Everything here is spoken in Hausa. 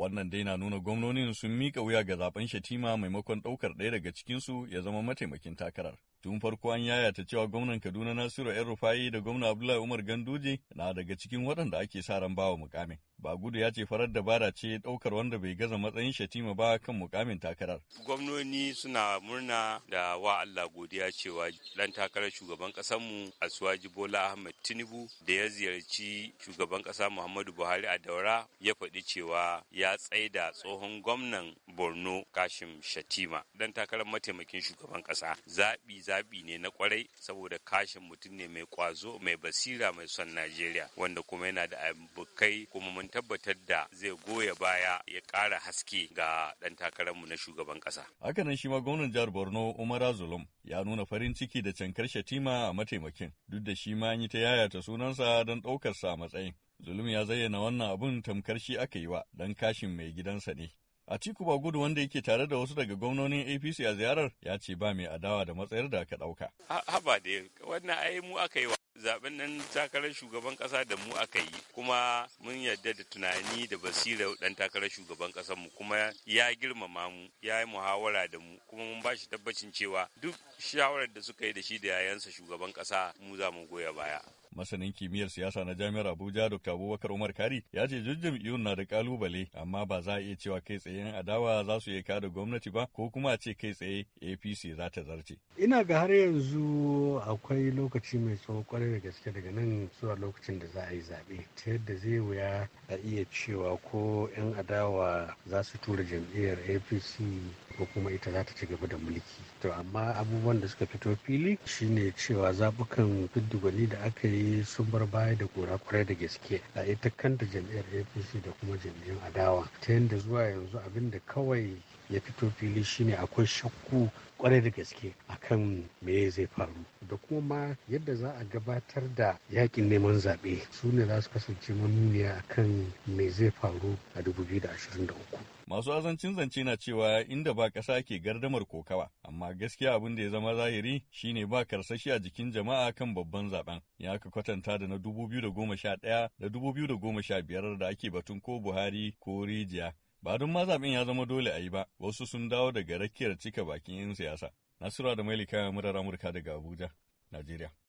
Wannan dai na nuna gwamnonin sun mika wuya ga zaben Shatima maimakon ɗaukar ɗaya daga cikinsu ya zama mataimakin takarar. Tun farko an yayata cewa gwamnan Kaduna Nasiru ‘yan Rufayi da gwamna Abdullahi Umar Ganduje na daga cikin waɗanda ake sa ran bawa mukamin. ba gudu ya ce farar dabara ce ɗaukar wanda bai gaza matsayin shatima ba kan mukamin takarar. Gwamnoni suna murna da wa Allah godiya cewa ɗan takarar shugaban ƙasarmu Asuwaji Bola Ahmed Tinubu da ya ziyarci shugaban ƙasa Muhammadu Buhari a Daura ya faɗi cewa ya tsaida tsohon gwamnan Borno Kashim Shatima dan takarar mataimakin shugaban ƙasa. Zaɓi zaɓi ne na kwarai saboda kashin mutum ne mai kwazo mai basira mai son Najeriya wanda kuma yana da abokai kuma mun tabbatar da zai goya baya ya ƙara haske ga ɗan takararmu na shugaban ƙasa. Hakanan shi ma gwamnan jihar Borno Umar Zulum ya nuna farin ciki da cankar Shatima a mataimakin duk da shi ma an yi ta yayata sunansa don ɗaukarsa a matsayin. Zulum ya zayyana wannan abun tamkar shi aka yi wa don kashin mai gidansa ne. Atiku gudu wanda yake tare da wasu daga gwamnonin APC a ziyarar ya ce ba mai adawa da matsayar da aka ɗauka. Haba da wannan ai mu aka yi wa zaben nan takarar shugaban kasa da mu aka yi kuma mun yarda da tunani da basira ɗan takarar shugaban ƙasar mu kuma ya girmama mu ya yi muhawara da mu kuma mun bashi tabbacin cewa duk shawarar da suka yi da shi da yayansa shugaban ƙasa mu za mu goya baya masanin kimiyyar siyasa na jami'ar Abuja Dr. Abubakar Umar Kari ya ce jujjun na da kalubale amma ba za a iya cewa kai tsaye yan adawa za su iya da gwamnati ba ko kuma a ce kai tsaye APC za ta zarce. Ina ga har yanzu akwai lokaci mai tsawo kwarai da gaske daga nan zuwa lokacin da za a yi zaɓe ta yadda zai wuya a iya cewa ko yan adawa za su tura jam'iyyar APC ko kuma ita za ta ci gaba da mulki to amma abubuwan da suka fito fili shine cewa zabukan dudduwani da aka yi sun bar baya da kura kwarai da gaske a ita kanta jam'iyyar apc da kuma jam'iyyar adawa ta yadda zuwa yanzu abin da kawai ya fito fili shine akwai shakku kwarai da gaske akan me zai faru da kuma ma yadda za a gabatar da yakin neman zaɓe su ne za su kasance manuniya akan me zai faru a 2023 Masu azancin zance na cewa inda ba ƙasa ke gardamar kokawa, amma gaskiya abin da ya zama zahiri shine ba karsashi a jikin jama'a kan babban zaben. Ya ka kwatanta da na 2011 da 2015 da ake batun ko Buhari ko Rijiya. Ba don ma zaben ya zama dole a yi ba, wasu sun dawo daga rakiyar cika bakin 'yan siyasa. Nasura da Mailika Murar Amurka daga Abuja, Najeriya.